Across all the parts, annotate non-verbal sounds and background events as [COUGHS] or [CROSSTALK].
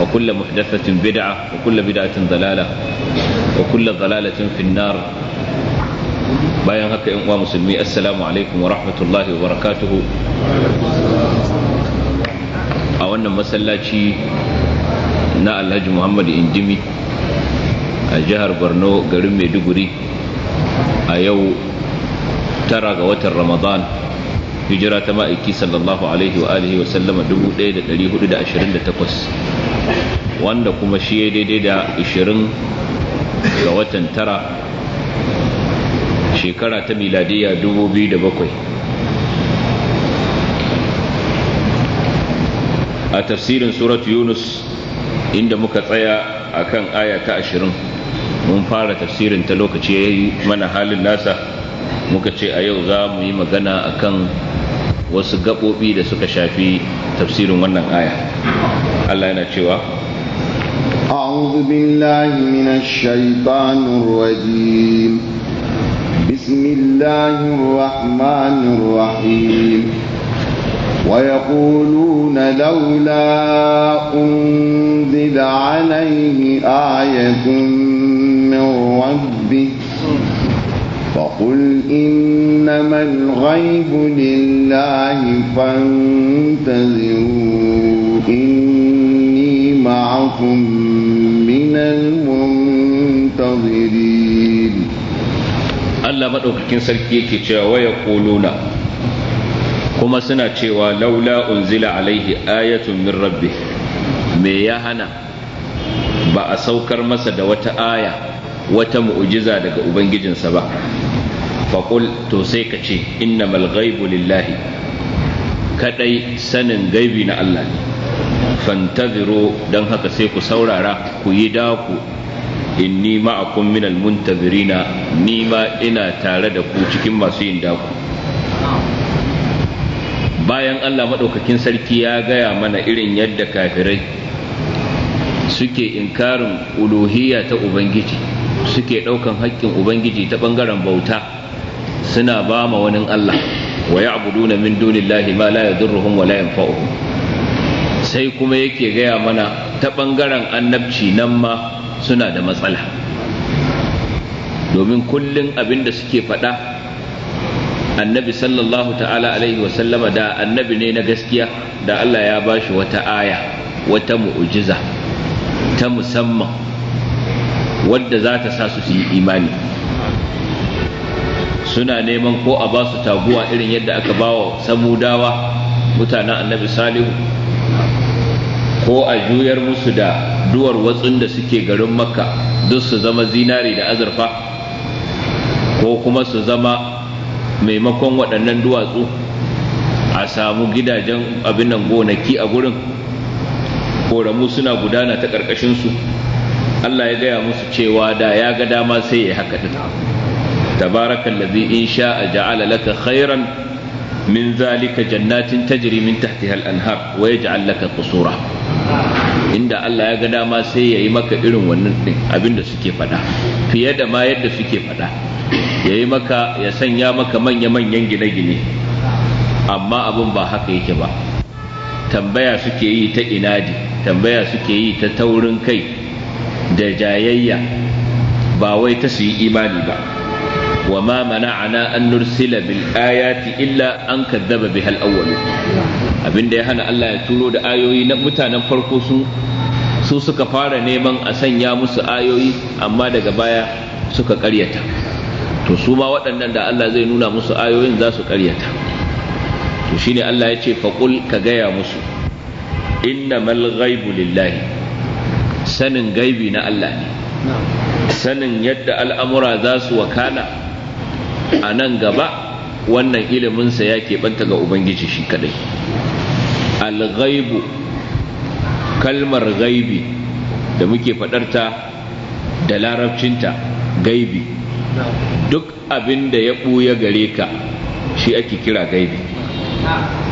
وكل محدثة بدعة وكل بدعة ضلالة وكل ضلالة في النار bayan haka yan uwa musulmi assalamu alaikum wa rahmatullahi wa barakatuhu a wannan masallaci na alhaji muhammad injimi a jihar borno garin maiduguri a yau tara ga watan ramadan hijira ta ma'aiki sallallahu alaihi wa alihi wa sallama 1428 wanda kuma shi ya daidai da ashirin ga watan tara shekara ta miladiya bakwai, a tafsirin surat yunus inda muka tsaya a kan aya ta 20 mun fara tafsirin ta lokaci ya yi mana halin nasa muka ce a yau za mu yi magana a kan wasu gaɓoɓi da suka shafi tafsirin wannan aya Allah yana cewa أعوذ بالله من الشيطان الرجيم بسم الله الرحمن الرحيم ويقولون لولا أنزل عليه آية من ربه فقل إنما الغيب لله فانتظروا إني معكم من المنتظرين الله مدوكين سركي يكي cewa ويقولون kuma suna cewa laula unzila alaihi ayatun min rabbi me ya hana ba a saukar masa da wata aya wata mu'jiza daga ubangijinsa ba faƙul to sai ka ce innamal ghaibu lillahi Kaɗai sanin gaibi na Allah ne fantaziru don haka sai ku saurara ku yi daku inni ma'akum minal muntazirina ni ma ina tare da ku cikin masu yin daku bayan Allah maɗaukakin sarki ya gaya mana irin yadda kafirai suke inkarin uluhiyya ta ubangiji suke ɗaukan haƙƙin ubangiji ta ɓangaren bauta suna ba ma wani Allah wa ya'buduna min dunillahi ma la yadurruhum wa la yanfa'uhum sai kuma yake gaya mana ta ɓangaren annabci nan ma suna da matsala domin kullum abin da suke faɗa annabi sallallahu ta'ala alaihi wasallama da annabi ne na gaskiya da Allah ya ba shi wata aya wata mu'ujiza ta musamman wadda za ta sa su yi imani suna neman ko a ba su taguwa irin yadda aka ba wa samudawa mutanen annabi salihu ko a juyar musu da duwar watsun da suke garin makka duk su zama zinari da azurfa ko kuma su zama maimakon waɗannan duwatsu a samu gidajen abinan gonaki a gurin koramu suna gudana ta ƙarƙashinsu allah ya gaya musu cewa da ya ga dama sai ya haka ɗin tabarakan lazi in a ja'ala laka khairan min ذلك jannatin تجري من تحتها al-anhar لك قصورا inda Allah ya ga dama sai yayi maka irin wannan din abinda suke faɗa fiye da ma yadda suke faɗa yayi maka ya sanya maka manya-manyan gine-gine amma abin ba haka yake ba tambaya suke yi ta inadi tambaya suke yi ta taurin kai da jayayya ba wai ta su yi imani ba wa ma mana'ana an nursila bil ayati illa an kadzaba bihal awwalu abinda ya hana Allah ya turo da ayoyi na mutanen farko su su suka fara neman a sanya musu ayoyi amma daga baya suka karyata to su ma waɗannan da Allah zai nuna musu ayoyin za su karyata to shine Allah ya ce faqul ka gaya musu innamal ghaibu lillahi sanin gaibi na Allah ne sanin yadda al'amura za su wakana a nan gaba wannan iliminsa ya keɓanta ga ubangiji shi kadai al-ghaibu kalmar gaibi da muke faɗarta da larabcinta gaibi duk abin da ya ɓuya gare ka shi ake kira gaibi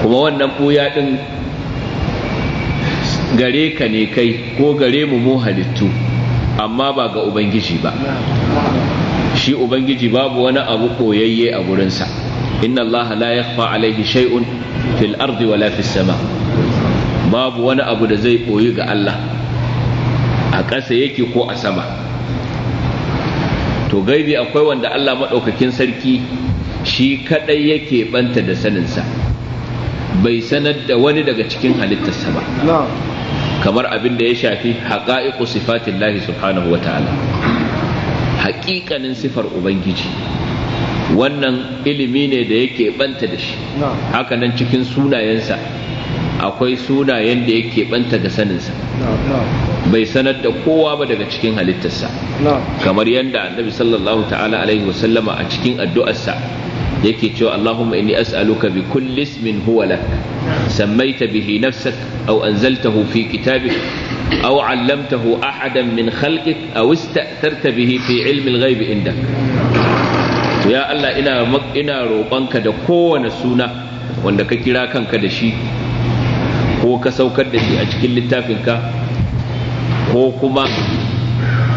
kuma wannan buya ɗin gare ka ne kai ko gare mu mu halittu amma ba ga ubangiji ba shi ubangiji babu wani abu koyayye a gurinsa inna allaha la yakhfa alaihi shay'un fil ardi wala fis sama babu wani abu da zai koyi ga Allah a ƙasa yake ko a sama to gaibi akwai wanda Allah maɗaukakin sarki shi kaɗai yake banta da saninsa bai sanar da wani daga cikin halittarsa ba kamar abin da ya shafi haƙa'iƙu sifatin lahi subhanahu wa ta'ala haƙiƙanin sifar ubangiji wannan ilimi ne da yake banta da shi Haka nan cikin sunayensa akwai sunayen da yake banta ga saninsa bai sanar da kowa ba daga cikin halittarsa kamar yadda annabi sallallahu ta'ala alaihi wasallama a cikin addu'arsa yake cewa Allahumma inni as'aluka bi kulli ismin huwa lak sammaita bihi nafsak aw anzaltahu fi kitabik aw 'allamtahu ahadan min khalqik aw ista'tharta bihi fi 'ilmi al-ghaib indak ya Allah ina ina roƙonka da kowane suna wanda ka kira kanka da shi ko ka saukar da shi a cikin littafinka ko kuma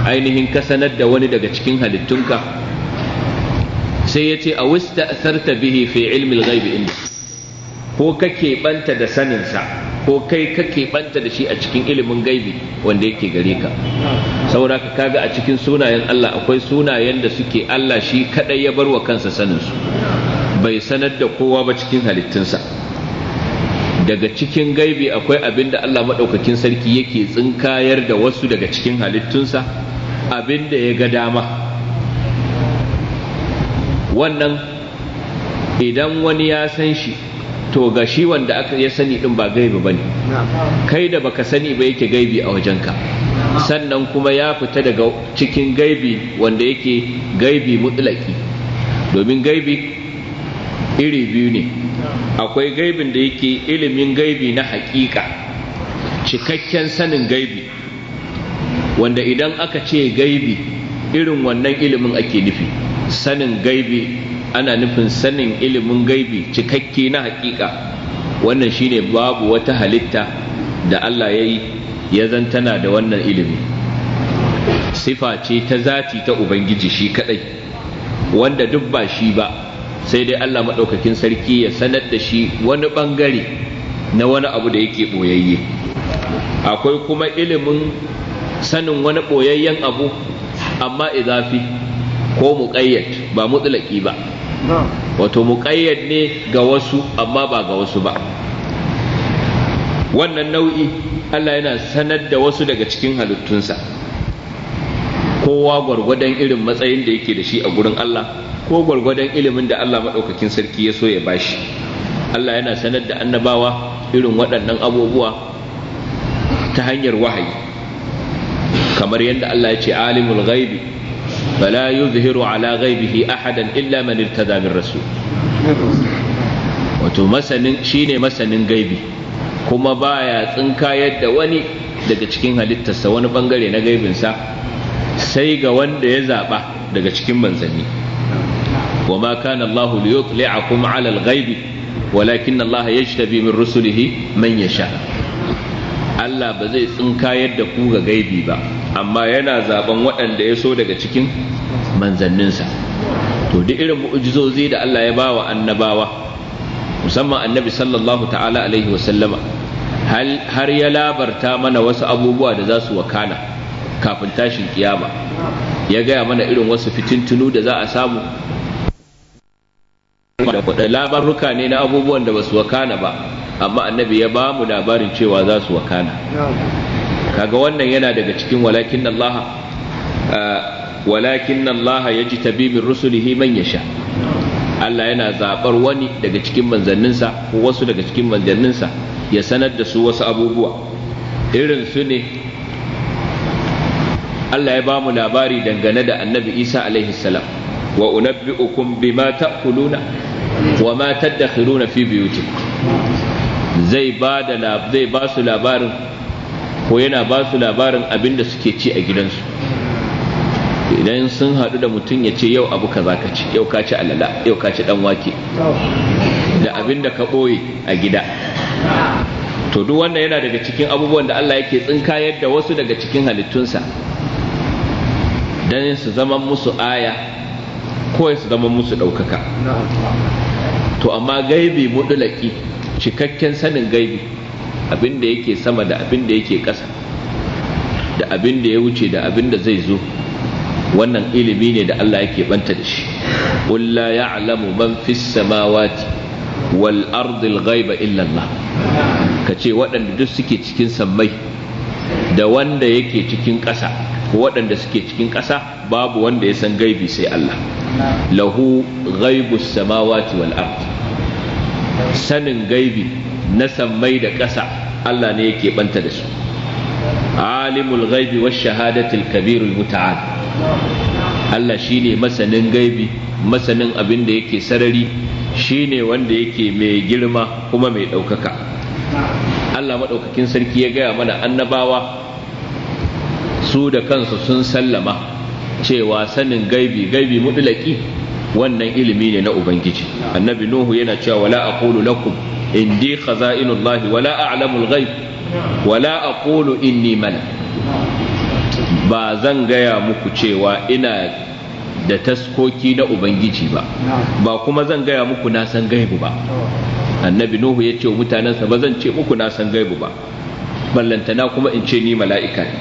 ainihin ka sanar da wani daga cikin halittunka sai ya ce a asarta bihi fi ilmi al inda ko kake banta da saninsa ko kai kake banta da shi a cikin ilimin gaibi wanda yake gare ka saboda ka kaga a cikin sunayen Allah akwai sunayen da suke Allah shi kadai ya bar wa kansa saninsu bai sanar da kowa ba cikin halittunsa daga cikin gaibi akwai abin da Allah maɗaukakin sarki yake tsinkayar da wasu daga cikin halittunsa abin da ya ga dama wannan idan wani ya san shi to ga shi wanda aka ya sani din ba gaibi ba ne kai da baka sani ba yake gaibi a wajenka sannan kuma ya fita daga cikin gaibi wanda yake gaibi mutlaki domin gaibi iri biyu ne akwai gaibin da yake ilimin gaibi na hakika cikakken sanin gaibi wanda idan aka ce gaibi irin wannan ilimin ake nufi sanin gaibi ana nufin sanin ilimin gaibi cikakke na hakika wannan shine babu wata halitta da Allah ya yi ya tana da wannan ilimi sifa ce ta zati ta ubangiji shi kadai wanda duk ba shi ba sai dai Allah maɗaukakin sarki ya sanar da shi wani ɓangare na wani abu da yake ɓoyayye akwai kuma ilimin sanin wani ɓoyayyen abu amma izafi ko muƙayyad ba mutlaki ba wato muƙayyad ne ga wasu amma ba ga wasu ba wannan nau'i Allah yana sanar da wasu daga cikin halittunsa kowa gwargwadon irin matsayin da yake da shi a gurin Allah ko gwargwadon ilimin da Allah maɗaukakin sarki ya so ya bashi Allah yana sanar da annabawa irin waɗannan abubuwa ta hanyar wahayi kamar yadda Allah ya ce alimul ghaibi فلا يظهر على غيبه أحدا إلا من ارتدى من رسول wato masanin shine masanin gaibi kuma baya tsinka yadda wani daga cikin halittarsa wani bangare na gaibinsa sai ga wanda ya zaba daga cikin manzanni wa ma kana Allahu li yutli'akum 'ala al-ghaibi walakin Allah yajtabi min rusulihi man yasha Allah ba zai tsinka yadda ku ga gaibi ba amma yana zaben waɗanda ya so daga cikin manzanninsa to duk irin mu'ujizozi da Allah ya bawa annabawa musamman annabi sallallahu ta'ala alaihi wasallama har ya labarta mana wasu abubuwa da za su wakana kafin tashin kiyama ya gaya mana irin wasu fitintunu da za a samu da labaruka ne na abubuwan da ba su wakana ba amma annabi ya ba mu labarin cewa za su wakana kaga wannan yana daga cikin walakin Allah uh, walakin Allah ji min rusulihi man yasha Allah yana zabar wani daga cikin manzanninsa ko wasu daga cikin manzanninsa ya sanar da su wasu abubuwa irin su ne Allah ya ba mu labari dangane da annabi Isa alaihi salam wa unabbi'ukum bima ta'kuluna wa ma tadakhiruna fi biyutikum zai ba da zai ba su labarin ko yana ba su labarin abin da suke ci a gidansu idan sun haɗu da mutum ya ce yau abu kaza ka ci yau ka ci alala yau ka ci ɗanwake. wake da abin da ka ɓoye a gida to duk wannan yana daga cikin abubuwan da Allah yake tsinkayar da wasu daga cikin halittunsa don su zama musu aya ko su zama musu ɗaukaka to amma gaibi mudulaki cikakken sanin gaibi abin da yake sama da abin da yake ƙasa da abin da ya wuce da abin da zai zo wannan ilimi ne da Allah yake banta da shi qul la ya'lamu man fis samawati wal ardi al ghaiba illa Allah kace waɗanda duk suke cikin sammai da wanda yake cikin ƙasa ko waɗanda suke cikin ƙasa babu wanda ya san gaibi sai Allah lahu ghaibus samawati wal ardi sanin gaibi na sammai da ƙasa Allah ne yake banta da su alimul ghaibi wash shahadatul kabirul muta'al Allah shine masanin gaibi masanin abin da yake sarari shine wanda yake mai girma kuma mai ɗaukaka Allah maɗaukakin sarki ya gaya mana annabawa su da kansu sun sallama cewa sanin gaibi gaibi mutulaki wannan ilimi ne na ubangiji annabi nuhu yana cewa wala aqulu lakum indi khaza'inullahi wala a'lamul ghaib wala aqulu inni mala ba zan gaya muku cewa ina da taskoki na ubangiji ba ba kuma zan gaya muku na san gaibu ba annabi nuhu ya ce wa mutanensa ba zan ce muku na san gaibu ba ballantana kuma in ce ni mala'ika ne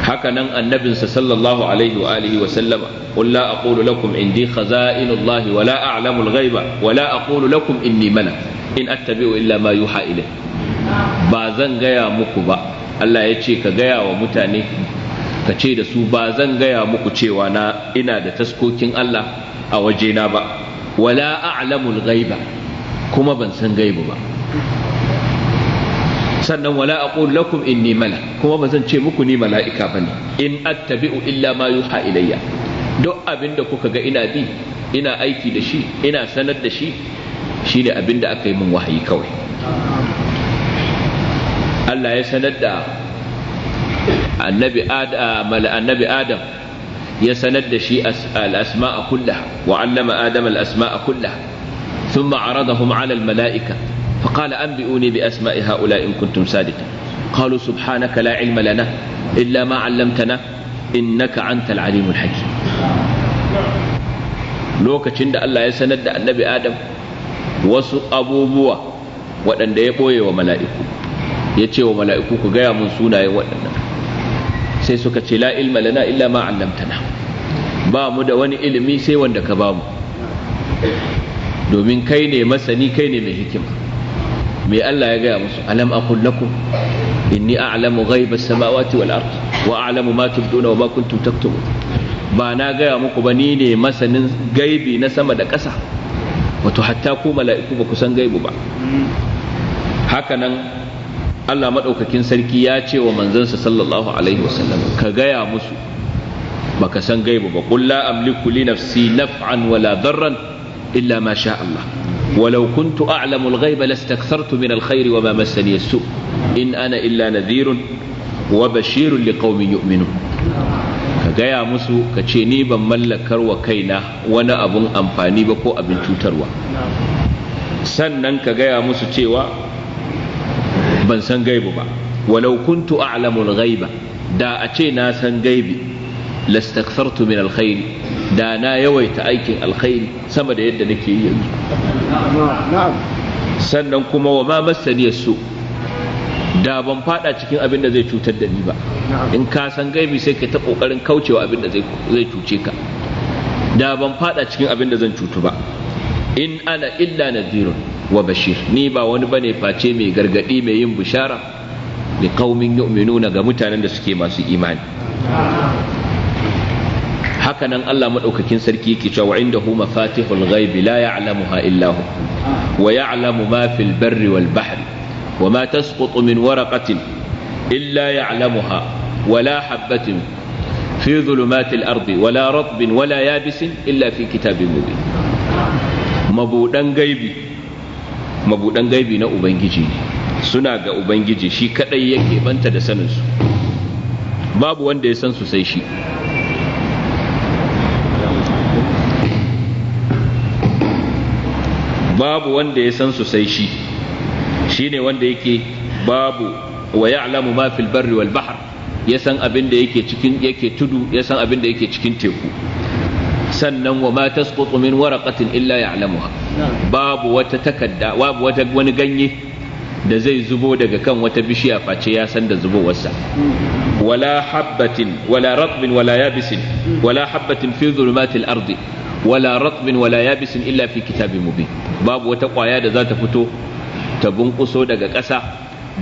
haka nan annabinsa sallallahu alaihi wa alihi wa sallama qul la aqulu lakum indi khaza'inullahi wa la a'lamu al-ghaiba wa la aqulu lakum inni malak in attabi'u illa ma yuha ilai ba zan gaya muku ba Allah ya ce ka gaya wa mutane ka ce da su ba zan gaya muku cewa na ina da taskokin Allah a wajena ba wala a'lamul ghaiba kuma ban san gaibu ba sannan wala aqul lakum inni mala kuma ban zan ce muku ni mala'ika bane in attabi'u illa ma yuha ilayya duk abinda kuka ga ina bi ina aiki da shi ina sanar da shi shi ne abin aka yi min wahayi kawai Allah ya sanar da adam ya sanar da shi al’asma a kulla wa allama adam al’asma a kulla sun ma’ara da humala mala’ika فقال أنبئوني بأسماء هؤلاء إن كنتم سادتا قالوا سبحانك لا علم لنا إلا ما علمتنا إنك أنت العليم الحكيم لو كتشند الله يسند النبي آدم wasu abubuwa waɗanda ya ɓoye wa mala'iku ya ce wa mala'iku ku gaya mun sunayen waɗannan sai suka ce la ilma lana illa ma allamtana ba mu da wani ilimi sai wanda ka ba mu domin kai ne masani kai ne mai hikima mai Allah ya gaya musu alam aqul lakum inni a'lamu ghaiba samawati wal ard wa a'lamu ma tubduna wa ma kuntum taktumun ba na gaya muku ba ni ne masanin gaibi na sama da ƙasa wato hatta ko mala'iku ba ku san gaibu ba haka nan Allah maɗaukakin sarki ya ce wa manzansa sallallahu alaihi wasallam ka gaya musu baka san gaibu ba qul la amliku li nafsi naf'an wala darran illa ma sha Allah walau kuntu a'lamu al-ghaiba lastakthartu min al-khairi wa ma massani as-su in ana illa nadhirun wa bashirun liqaumin yu'minun gaya musu ka ce ni ban mallakar wa kaina wani abun amfani ba ko abin cutarwa sannan ka gaya musu cewa ban san gaibu ba walau kuntu a'lamul ghaiba da a ce na san gaibi lastakthartu min alkhair da na yawaita aikin alkhairi sama da yadda nake yi yanzu sannan kuma wa ma masani su da ban fada cikin abin da zai cutar da ni ba in ka san gaibi sai ka ta kokarin kaucewa abin da zai cuce ka da ban fada cikin abin da zan cutu ba in ana illa nadhirun wa bashir ni ba wani bane face mai gargadi mai yin bishara li qaumin yu'minuna ga mutanen da suke masu imani haka nan Allah madaukakin sarki yake cewa indahu mafatihul ghaibi la ya'lamuha illa hu wa ya'lamu ma fil barri wal bahri وما تسقط من ورقة إلا يعلمها ولا حبة في ظلمات الأرض ولا رطب ولا يابس إلا في كتاب مبين مبودن غيبي مبودن غيبي نا أبنجي suna ga Ubangiji shi kaɗai yake banta da saninsu babu wanda ya san su sai shi babu wanda ya san su sai shi shine wanda yake babu wa ya'lamu ma fil barri wal bahr ya san abin da yake cikin yake tudu ya san abin da yake cikin teku sannan wa ma tasqutu min waraqatin illa ya'lamuha babu wata takadda babu wata wani ganye da zai zubo daga kan wata bishiya face ya san da zubowarsa wala habbatin wala ratbin wala yabisin wala habbatin fi zulumatil ardi wala ratbin wala yabisin illa fi kitabin mubin babu wata kwaya da za ta fito ta bunkuso daga ƙasa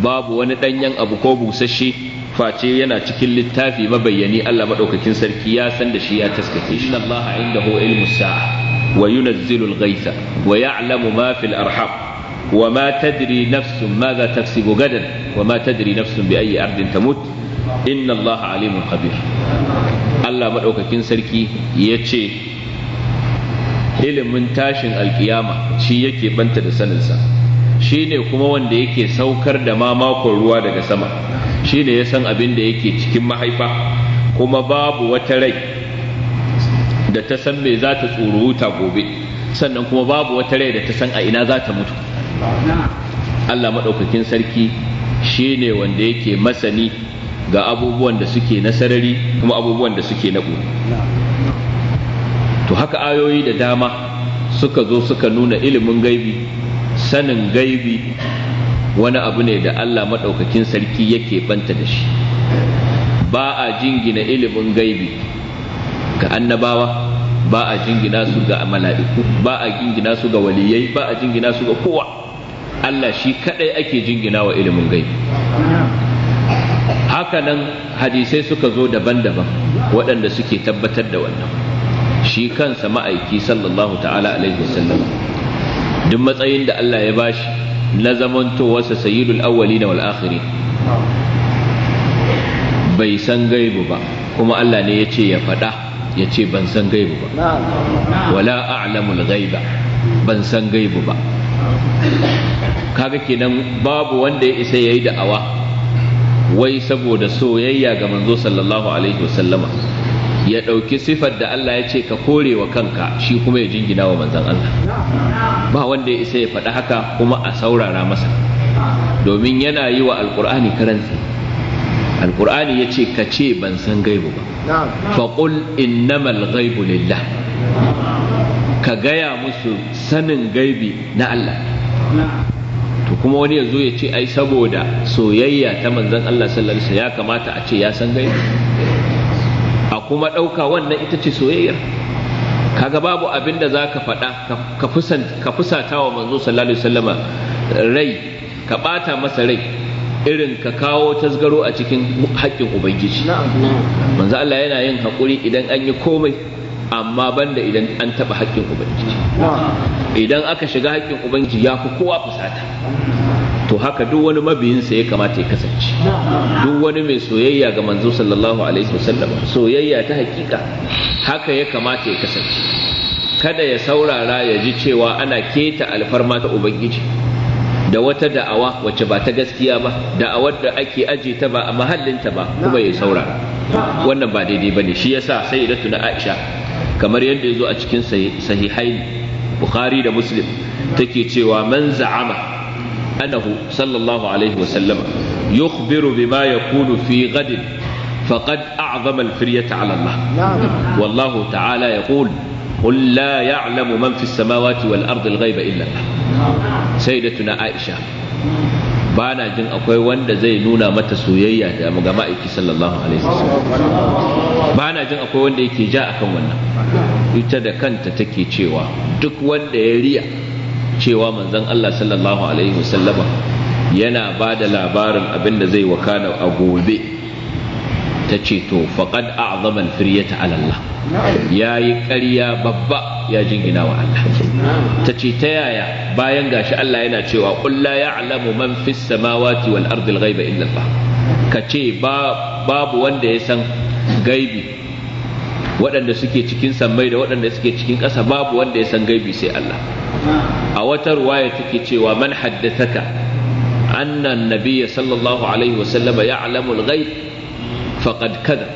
babu wani ɗanyen abu ko busasshe face yana cikin littafi mabayyani Allah maɗaukakin sarki ya san da shi ya taskace shi Allah indahu ilmu sa'a wa yunazzilu al ghaytha wa ya'lamu ma fil arham wa ma tadri nafsun za taksibu gadan wa ma tadri nafsun bi ayyi ardin tamut inna Allah alimun khabir Allah maɗaukakin sarki ya ce ilimin tashin alkiyama shi yake banta da saninsa Shi ne kuma wanda yake saukar da ma makon ruwa daga sama shi ne ya san abin da yake cikin mahaifa kuma babu wata rai da ta san me za ta tsoro wuta gobe sannan kuma babu wata rai da ta san a ina za ta mutu Allah maɗaukakin sarki shi ne wanda yake masani ga abubuwan da suke na sarari kuma abubuwan da suke na ƙuri to haka ayoyi da dama suka zo suka nuna ilimin gaibi sanin gaibi wani abu ne da Allah maɗaukakin sarki yake banta da shi ba a jingina ilimin gaibi ga annabawa ba a jingina su ga mala'iku ba a jingina su ga waliyai ba a jingina su ga kowa Allah shi kadai ake jingina wa ilimin gaibi hakanan hadisai suka zo daban-daban waɗanda suke tabbatar da wannan shi kansa ma'aiki sallallahu ta'ala alaihi wasallam duk matsayin da Allah ya bashi na zamantowarsa sayyidul awwali na wal'akhiri bai san gaibu ba kuma Allah ne ya ce ya faɗa ya ce ban san gaibu ba wala a'lamul gaiba ban san gaibu ba kaga kenan babu wanda ya isa yayi da'awa wai saboda soyayya ga manzo sallallahu alaihi wasallama ya ɗauki sifar da Allah ya ce ka kore wa kanka shi kuma ya jingina wa manzan Allah ba wanda ya isa ya faɗi haka kuma a saurara masa domin yana yi wa alkur'ani karanci alkur'ani ya ce ka ce ban san gaibu ba faƙul innamal gaibu lillah ka gaya musu sanin gaibi na Allah to kuma wani ya zo ya ce ai saboda soyayya ta manzan Allah sallallahu alaihi ya kamata a ce ya san gaibi kuma ɗauka wannan ita ce soyayyar kaga babu abin da za ka faɗa ka fusata wa manzo sallallahu alaihi wasallama rai ka ɓata masa rai irin ka kawo tasgaro a cikin haƙƙin ubangiji manzo Allah yana yin haƙuri idan an yi komai amma banda idan an taɓa haƙƙin ubangiji idan aka shiga haƙƙin ubangiji ya fi kowa fusata to haka duk wani mabiyinsa ya kamata ya kasance duk wani mai soyayya ga manzo sallallahu alaihi wasallam soyayya ta hakika haka ya kamata ya kasance kada ya saurara ya ji cewa ana keta alfarma ta ubangiji da wata da'awa wacce ba ta gaskiya ba da'awar da ake aje ta ba a mahallinta ba kuma ya saurara wannan ba daidai ba ne shi yasa sai da tuna aisha kamar yadda ya zo a cikin sahihai bukhari da muslim take cewa man za'ama anhu sallallahu alaihi wa sallama yukhbiru bima yakunu fi gadin faqad a'zama al-firyata 'ala Allah wallahu ta'ala yaqul قل لا يعلم من في السماوات والأرض الغيب إلا الله سيدتنا عائشة بانا جن أكوي وند زي نونا متى سويا بانا جن أكوي يكي جاء كم ita da kanta take cewa duk wanda ya riya cewa manzon Allah sallallahu alaihi wasallama yana ba da labarin abin da zai wakana a gobe ta ce to faqad a al-firyata ala Allah yayi ƙarya babba ya jingina wa Allah ta ce ta yaya bayan gashi Allah yana cewa ƙulla ya ya'lamu man fis samawati wal ardi al-ghaiba illa ka ce babu wanda ya san gaibi waɗanda suke cikin sammai da waɗanda suke cikin ƙasa babu wanda ya san gaibi sai Allah a wata ruwaya take cewa man haddathaka anna annabiyya sallallahu alaihi wasallam ya'lamul ghaib faqad kada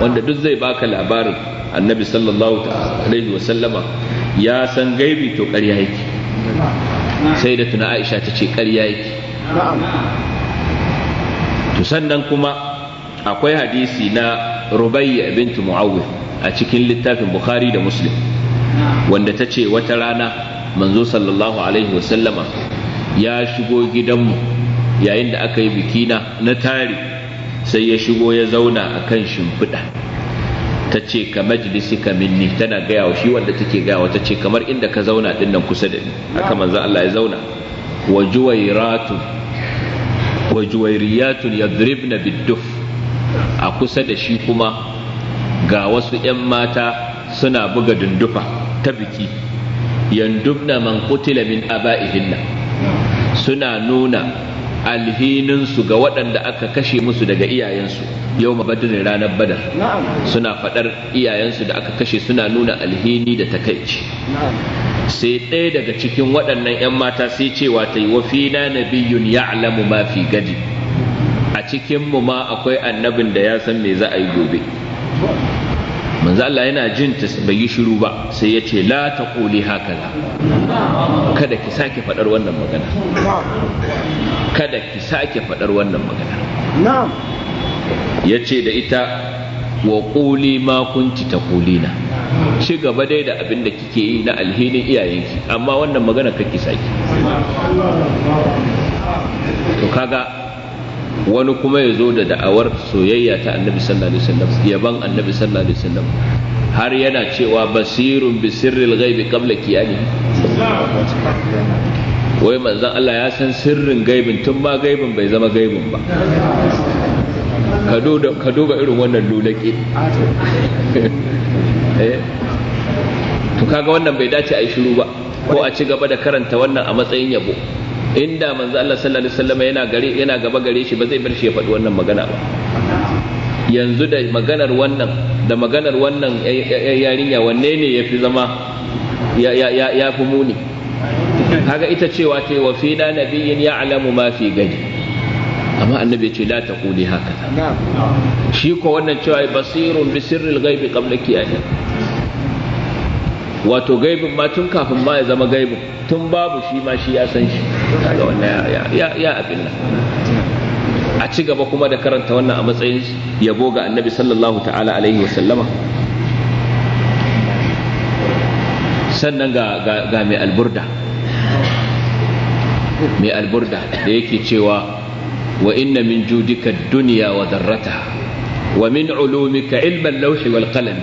wanda duk zai baka labarin annabi sallallahu alaihi sallama ya san gaibi to ƙarya yake sai da tuna aisha ta ce ƙarya yake to sannan kuma akwai hadisi na rubayya bintu mu'awwid a cikin littafin bukhari da muslim wanda ta ce wata rana manzo sallallahu alaihi wasallama ya shigo gidanmu yayin da aka yi biki na na tari sai ya shigo ya zauna a kan shimfiɗa ta ce ka majalisi ka minni tana gaya wa shi wanda take gaya wa ta ce kamar inda ka zauna din nan kusa da ni haka manzo Allah ya zauna wa juwairatu wa juwairiyatun yadribna bidduf a kusa da shi kuma ga wasu 'yan mata suna buga dundufa ta biki yandubna man qutila min aba'ihinna suna nuna alhininsu ga waɗanda aka kashe musu daga iyayensu yau mabadirin ranar badar suna faɗar iyayensu da aka kashe suna nuna alhini da takaici sai ɗaya daga cikin waɗannan 'yan mata sai cewa ta yi wa fina nabiyun ya'lamu ma fi gadi a cikinmu ma akwai annabin da ya san me za a yi gobe manzo Allah yana jin ta bai yi shiru ba sai ya ce la taquli hakaza kada ki sake fadar wannan magana kada ki sake fadar wannan magana na'am yace da ita wa quli ma kunti taqulina ci gaba dai da abin da kike yi na alhinin iyayenki amma wannan magana kake sake to kaga wani kuma ya zo da da'awar soyayya ta annabi sallallahu alaihi wasallam yaban annabi sallallahu alaihi wasallam har yana cewa basirun bi sirril ghaibi qabla kiyani wai manzon Allah ya san sirrin gaibin tun ba gaibin bai zama gaibin ba ka duba irin wannan lulaki [LAUGHS] eh? to kaga wannan bai dace a yi shiru ba ko a ci gaba da karanta wannan a matsayin yabo inda manzo Allah sallallahu alaihi yana gare yana gaba gare shi ba zai bar shi ya faɗi wannan magana ba yanzu da maganar wannan da maganar wannan yarinya wanne ne yafi zama ya ya ya fi muni kaga ita cewa ta wa fina nabiyyin ya'lamu ma fi gadi amma annabi ya ce la taquli haka shi ko wannan cewa basirun bi sirril ghaibi qabla qiyamah wato gaibin ma tun kafin ma ya zama gaibin tun babu shi ma shi ya san shi ga wannan ya abin nan a ci gaba kuma da karanta wannan a matsayin yabo ga annabi sallallahu ta'ala alaihi wasallama sannan ga ga mai alburda mai alburda da yake cewa wa inna min judika duniya wa darrataha wa min ulumika ilman lawhi wal qalam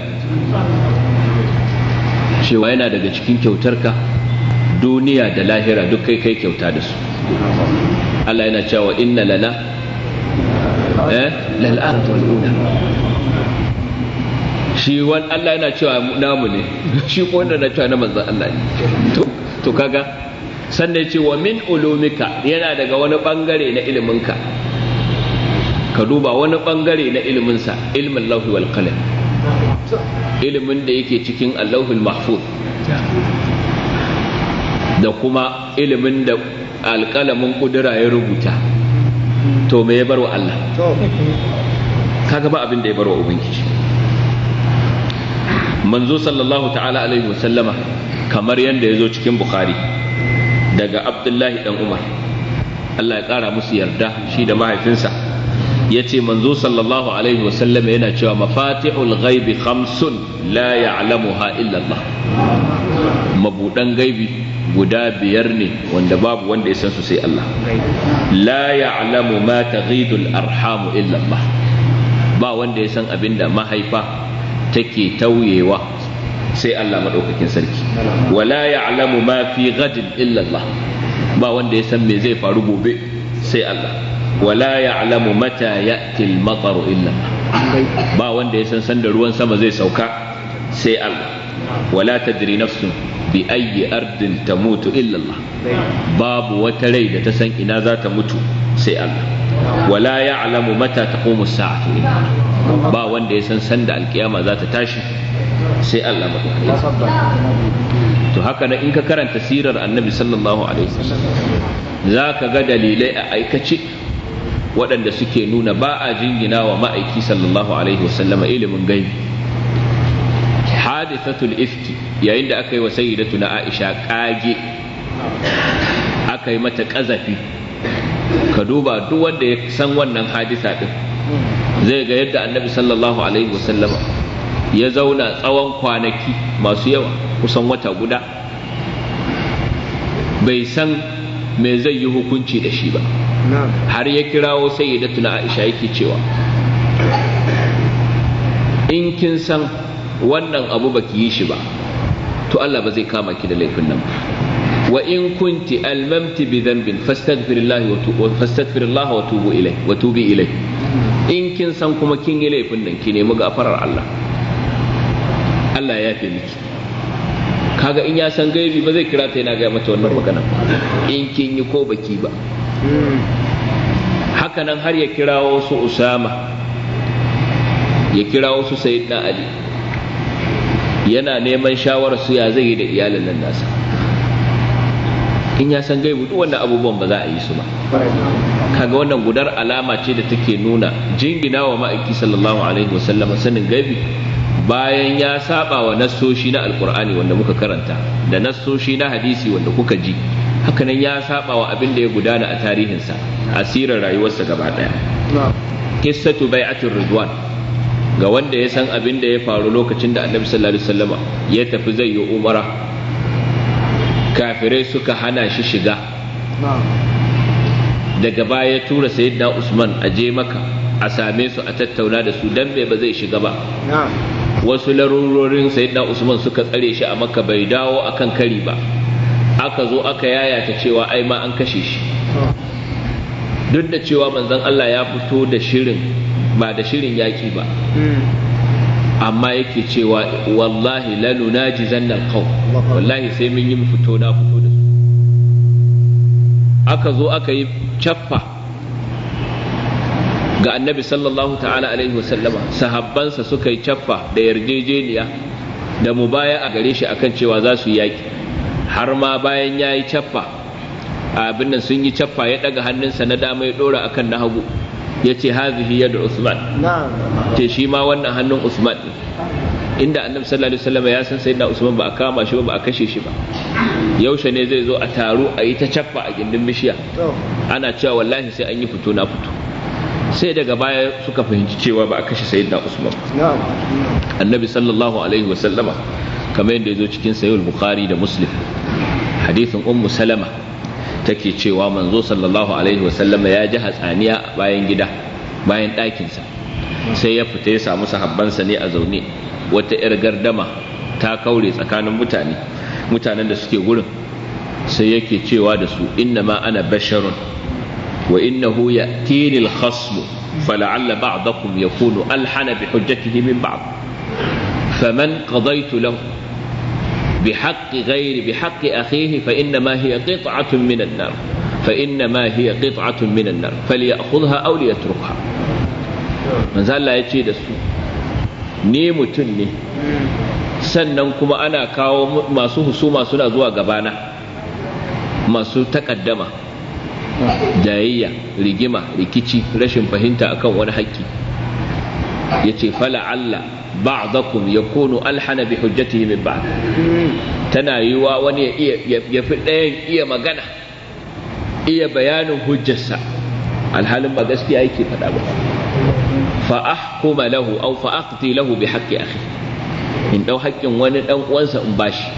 cewa yana daga cikin kyautarka duniya da lahira duk kai kai kyauta da su Allah yana cewa inna lana eh lal wal ula shi wan Allah yana cewa namu ne [LAUGHS] shi ko wanda na cewa na manzon Allah ne to to kaga sannan ce wa min ulumika yana daga wani bangare na iliminka ka duba wani bangare na ilminsa, ilmin lafi wal qalam ilimin da yake cikin allahul mahfuz da kuma ilimin da alƙalamin ƙudura ya rubuta to me ya bar wa Allah kaga ba abin da ya bar wa ubangiji manzo sallallahu ta'ala alaihi wasallama kamar yadda ya zo cikin bukhari daga abdullahi dan umar Allah ya kara musu yarda shi da mahaifinsa yace manzo sallallahu alaihi wasallam yana cewa mafatihul ghaibi khamsun la ya'lamuha illa Allah mabudan gaibi guda biyar ne wanda babu wanda ya san su sai Allah la ya'lamu ma taghidul arham illa Allah ba wanda ya san abinda mahaifa take tauyewa sai Allah madaukakin sarki wala ya'lamu ma fi ghadin illa Allah ba wanda ya san me zai faru gobe sai Allah wala ya'lamu mata ya'ti al-mataru illa ba wanda ya san ruwan sama zai sauka sai Allah wala tadri nafsun bi ayyi ardin tamutu illa Allah babu wata rai da ta san ina za ta mutu sai Allah wala ya'lamu mata taqumu as-sa'atu illa Allah ba wanda ya san alkiyama za ta tashi sai Allah to haka in ka karanta sirar annabi sallallahu alaihi wasallam za ka ga dalilai a aikace waɗanda suke nuna ba a jingina wa ma'aiki sallallahu alaihi wasallama ilimin gani hadithatul ifki yayin da aka yi wa sayyidatu na aisha kage aka yi mata kazafi ka duba duk wanda ya san wannan hadisa din zai ga yadda annabi sallallahu alaihi wasallama ya zauna tsawon kwanaki masu yawa kusan wata guda bai san me zai yi hukunci da shi ba har ya kirawo tuna aisha yake cewa in kin san wannan abu baki yi shi ba to Allah ba zai kama ki da laifin nan wa in kunti almamti bi dhanbin fastaghfirillahi wa fastaghfirillaha wa tubu ilai wa tubi ilai. in kin san kuma kin yi laifin nan ki nemi gafarar Allah Allah ya fi miki kaga in ya san gaibi ba zai kira ta yana gaya mata wannan magana in kin yi ko baki ba haka nan har ya kirawo su usama ya kirawo su sayyidina ali yana neman shawarar su ya zai yi da iyalin nan nasa in ya san gaibu duk wannan abubuwan ba za a yi su ba kaga wannan gudar alama ce da take nuna jingina wa ma'aiki sallallahu alaihi wasallam sanin gaibi bayan ya saba wa nassoshi na alkur'ani wanda muka karanta da nasoshi na hadisi wanda kuka ji hakanan ya saba wa abin da ya gudana a tarihinsa asirar rayuwarsa gaba daya kissatu bai'atul ridwan ga wanda ya san abin da ya faru lokacin da annabi sallallahu alaihi wasallama ya tafi zai yi umara kafirai suka hana shi shiga daga baya ya tura sayyidina usman a je maka a same su a tattauna da su dan bai ba zai shiga ba wasu larurorin sai da usman suka tsare shi a maka bai dawo a kan kari ba aka zo aka yayata cewa ai ma an kashe shi duk da cewa manzon Allah ya fito da shirin ba da shirin yaki ba amma yake cewa wallahi lalunaji zannal qaw wallahi sai mun yi fito na fito da su aka zo aka yi chaffa ga annabi sallallahu ta'ala alaihi wasallama sahabbansa suka yi caffa da yarjejeniya da mu baya a gare shi akan cewa za su yaki har ma bayan ya yi caffa abin nan sun yi caffa ya ɗaga hannunsa na dama ya ɗora akan na hagu ya ce hazihi yadda usman ce shi ma wannan hannun usman inda annabi sallallahu alaihi wasallama ya san sai na usman ba a kama shi ba ba a kashe shi ba yaushe ne zai zo a taru a yi ta caffa a gindin bishiya ana cewa wallahi sai an yi fito na fito sai daga baya suka fahimci cewa ba a kashe sayyidina usman annabi sallallahu alaihi wasallama kamar yadda ya zo cikin sayyid bukhari da muslim hadithin ummu salama take cewa manzo sallallahu alaihi wasallama ya ji hatsaniya bayan gida bayan ɗakinsa sai ya fita ya samu sahabbansa ne a zaune wata 'yar gardama ta kaure tsakanin mutane mutanen da suke gurin sai yake cewa da su inna ma ana basharun وإنه يأتيني الخصم فلعل بعضكم يكون ألحن بحجته من بعض فمن قضيت له بحق غير بحق أخيه فإنما هي قطعة من النار فإنما هي قطعة من النار فليأخذها أو ليتركها من زال لا يتشي دسو ni mutum ne sannan kuma ana kawo masu husuma suna zuwa gabana masu takaddama jayayya rigima rikici rashin fahimta akan wani haƙƙi ya ce fala'alla ba'dakum ya kunu alhana bi hujjatihi min ba'd tana yiwa wani ya iya ya fi ɗayan iya magana iya bayanin hujjarsa alhalin ba gaskiya yake faɗa ba fa ahkuma lahu aw fa aqti lahu bi haqqi akhi in dau haƙƙin wani dan uwansa in bashi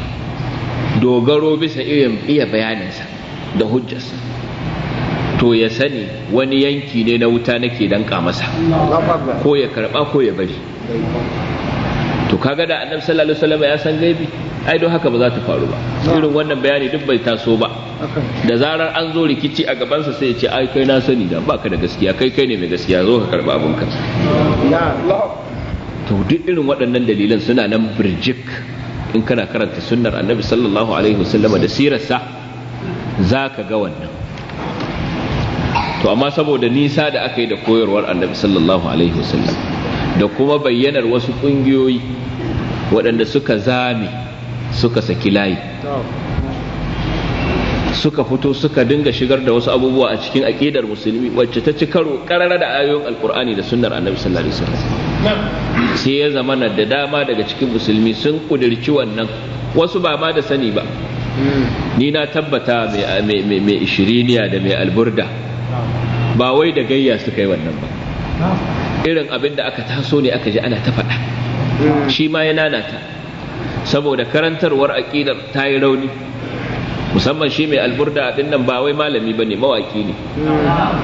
dogaro bisa irin iya bayaninsa da hujjarsa to ya sani wani yanki ne na wuta nake danka masa ko ya karba ko ya bari to kaga da annabi sallallahu alaihi wasallam ya san gaibi ai don haka ba za ta faru ba irin wannan bayani duk bai taso ba da zarar an zo rikici a gabansa sai ya ce ai kai na sani da baka da gaskiya kai kai ne mai gaskiya zo ka karba ka." to duk irin waɗannan dalilan suna nan birjik in kana karanta sunnar annabi sallallahu alaihi wasallam da sirarsa za ka ga wannan to amma saboda nisa da aka yi da koyarwar annabi sallallahu alaihi wasallam da kuma bayyanar wasu ƙungiyoyi waɗanda suka zame suka saki layi suka fito suka dinga shigar da wasu abubuwa a cikin aƙidar musulmi wacce ta ci karo ƙarara da ayoyin alkur'ani da sunnar annabi sallallahu alaihi wasallam sai ya zama da dama daga cikin musulmi sun kudirci wannan wasu ba ma da sani ba ni na tabbata mai ishiriniya da mai alburda ba wai da gayya suka yi wannan ba irin abin da aka taso ne aka ji ana ta faɗa shi ma ya nanata saboda karantarwar aƙidar ta yi rauni musamman shi mai alburda abin nan ba wai malami bane mawaki ne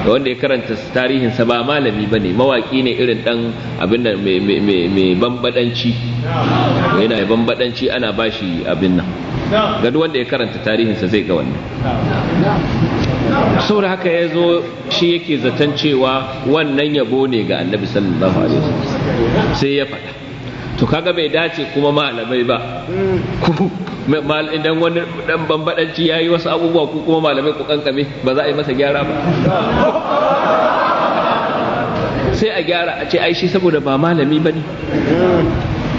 wanda ya karanta tarihinsa ba malami bane mawaki ne irin dan abin nan mai bambadanci yana bambadanci ana bashi abin nan ga wanda ya karanta tarihinsa zai ga wannan saboda haka ya zo shi yake zaton cewa wannan yabo ne ga annabi sallallahu alaihi wasallam sai ya faɗa to kaga bai dace kuma malamai ba idan wani dan bambadanci ya yi wasu abubuwa ko kuma malamai ku kankame ba za a yi masa gyara ba sai a gyara a ce ai shi saboda ba malami ba ne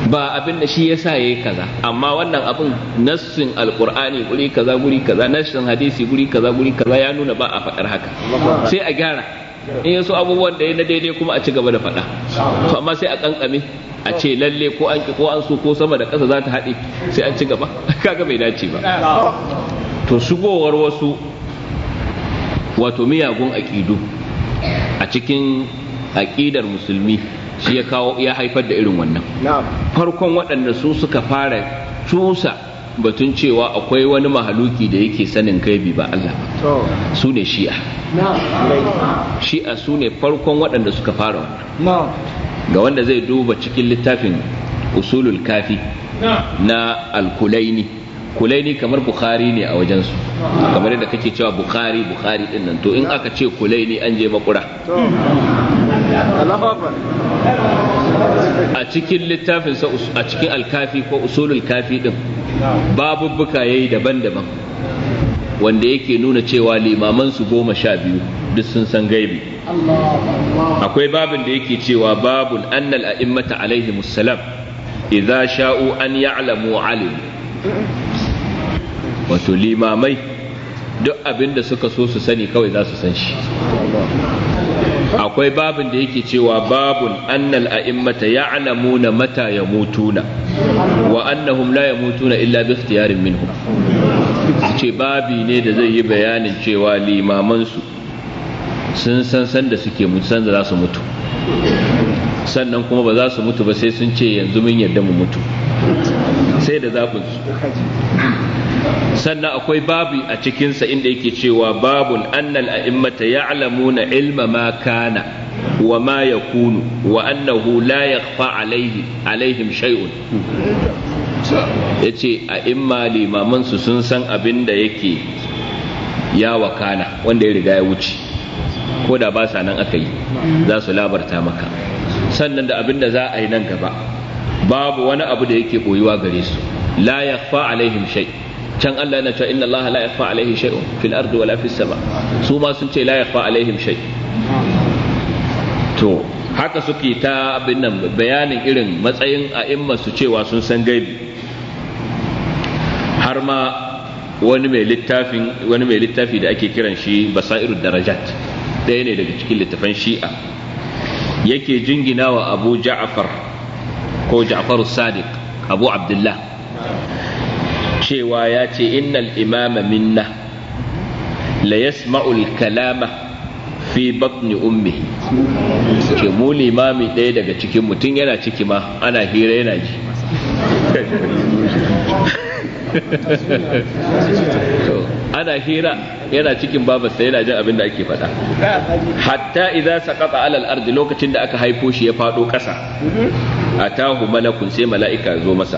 ba abin da shi yasa yi kaza amma wannan abin nassin alkur'ani guri kaza guri kaza nassin hadisi guri kaza guri kaza ya nuna ba a faɗar haka sai a gyara in yaso abubuwan da ya na daidai kuma a ci gaba da faɗa to amma sai a kankame a ce lalle ko an ko an so ko sama da ƙasa za ta haɗe sai an ci gaba [LAUGHS] kaga bai dace ba to shigowar wasu wato miyagun aƙidu a cikin aƙidar musulmi ya kawo ya haifar da irin wannan farkon waɗanda su suka fara cusa batun cewa akwai wani mahaluki da yake sanin kaibi ba Allah su ne shi'a shi'a su ne farkon waɗanda suka fara wannan ga wanda zai duba cikin littafin usulul kafi na alkulaini kulaini kamar bukhari ne a wajensu kamar yadda kake cewa bukhari bukhari din to in aka ce kulaini an je makura a cikin littafin a cikin alkafi ko usulul kafi din babubbuka yayi daban-daban wanda yake nuna cewa limaman su goma sha biyu duk sun san gaibi akwai babin da yake cewa babun annal a'immata alaihi musallam idza sha'u an ya'lamu alim wato limamai duk abin da suka so su sani kawai za su san shi akwai babin da yake cewa babun annal a'immata ya'lamuna mata yamutuna wa annahum la yamutuna illa bi ikhtiyarin minhum ce babi ne da zai yi bayanin cewa limaman su sun san san da suke san da za su mutu sannan kuma ba za su mutu ba sai sun ce yanzu mun yarda mu mutu sai da zaɓin su sannan akwai babu a cikinsa inda yake cewa babun annal a'immata ya'lamuna ilma ma kana wa ma yakunu wa annahu la yakhfa alaihi alaihim shay'un yace a'imma limaman su sun san abin da yake ya wakana wanda ya riga ya wuce ko da ba sa nan aka yi za su labarta maka sannan da abin da za a yi nan gaba babu wani abu da yake boyuwa gare su la yakhfa alaihim shay can Allah yana cewa inna Allah la yakhfa alaihi shay'un fil ardi wala fis sama su ma sun ce la alaihim shay to haka suke ta abin nan bayanin irin matsayin a'imma su cewa sun san gaibi har ma wani mai littafin wani mai littafi da ake kiran shi basairu darajat ɗaya ne daga cikin littafan shi'a yake jingina wa abu ja'far ko ja'far sadiq abu abdullah cewa ya ce innal imama minna la al kalama fi batni ummi ke mu limami ɗaya daga cikin mutum yana ciki ma ana hira yana ji [LAUGHS] ana hira yana cikin sai yana jin abin da ake faɗa hatta idan sakata alal ardi lokacin da aka haifo shi ya faɗo ƙasa A atahu malakun sai mala'ika zo masa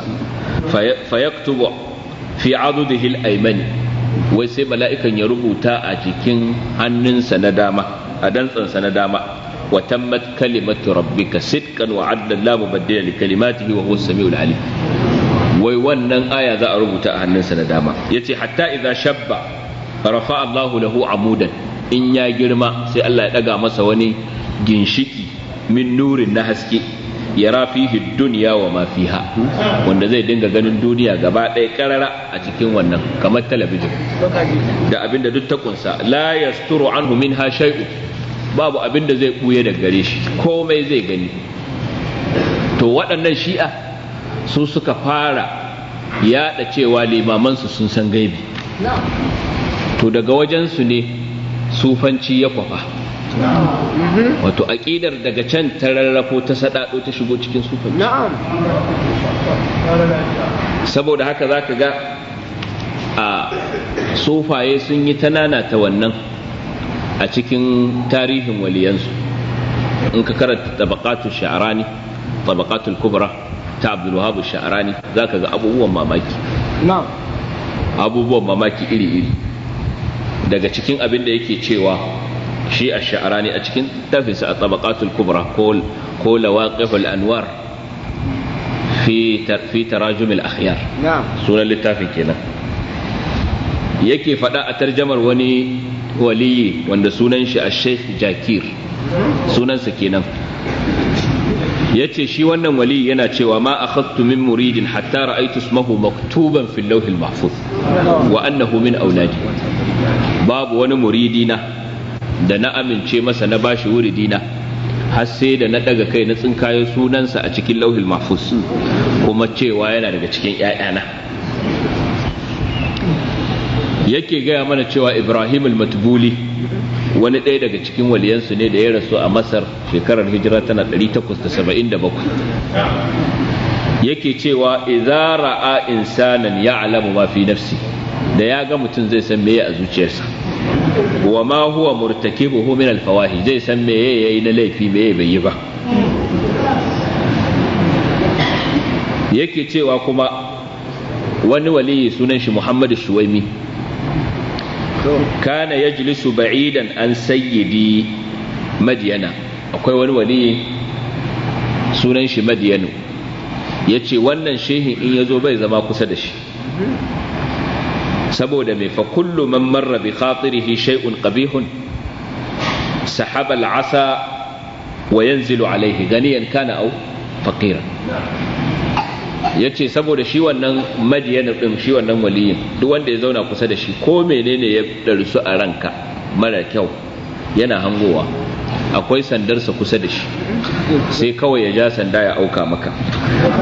fayaktubu fi adudihi al-aymani wai sai mala'ikan ya rubuta a jikin hannunsa na dama a dantsansa na dama wa tammat kalimatu rabbika sidqan wa adlan la mubaddila li kalimatihi wa huwa samiul alim wai wannan aya za a rubuta a hannunsa na dama yace hatta izan shabba rafa Allahu lahu amudan in ya girma sai Allah ya daga masa wani ginshiki min nurin na haske yara fihi dunya wa ma fiha wanda zai dinga ganin duniya gaba ɗaya karara a cikin wannan kamar talabijin da abinda duk ta kunsa la yasturu anhu ha shay'u babu abinda zai buye da gare shi komai zai gani to waɗannan shi'a su suka fara yaɗa cewa limamansu sun san gaibi to daga wajen su ne sufanci ya kwafa Mhm. wato aƙidar daga can ta rarrafo ta saɗaɗo ta shigo cikin sufa saboda haka za ka ga a sufaye sun yi tanana ta wannan a cikin tarihin waliyansu in ka karanta tabaqatul sha'rani tabaqatul kubra ta abdul wahab sha'rani zaka ga abubuwan mamaki na'am abubuwan mamaki iri iri daga cikin abin da yake cewa shi ash-sha'rani a cikin tafsir a tabaqatul kubra ko lawaqiful anwar fi fi tarajum al-akhyar sunan littafin kenan yake fada a tarjamar wani waliyi wanda sunan shi a sheikh jakir sunansa kenan ya ce shi wannan wali yana cewa ma akhadtu min muridin hatta ra'aytu ismahu maktuban fil lawhil mahfuz wa annahu min auladi babu wani muridi na da na amince masa na bashi dina, har sai da na daga kai na tsinkayo sunansa a cikin lauhil mahfuz kuma cewa yana daga cikin ‘ya'yana yake gaya mana cewa ibrahim al wani ɗaya daga cikin waliyansu ne da ya rasu a masar shekarar hijira tana 877 yake cewa idza ra'a insanan ya'lamu ma fi nafsi da ya ga mutum zai san meye a zuciyarsa wa ma huwa murtakibuhu min alfawahi zai san meye yayi na laifi me yayi bai yi ba yake cewa kuma wani waliyi sunan shi Muhammadu Shuwaimi kana yajlisu ba'idan an sayyidi madiyana akwai wani waliyi sunan shi madiyanu yace wannan shehin in yazo bai zama kusa da shi saboda mai fa kullu man marra bi khatirihi shay'un qabihun sahaba al'asa wa yanzilu alaihi ganiyan kana au faqiran yace saboda shi wannan madiyan din shi wannan waliyin duk wanda ya zauna kusa da shi ko menene ya darsu a ranka mara kyau yana hangowa akwai sandarsa kusa da shi sai kawai ya ja sanda ya auka maka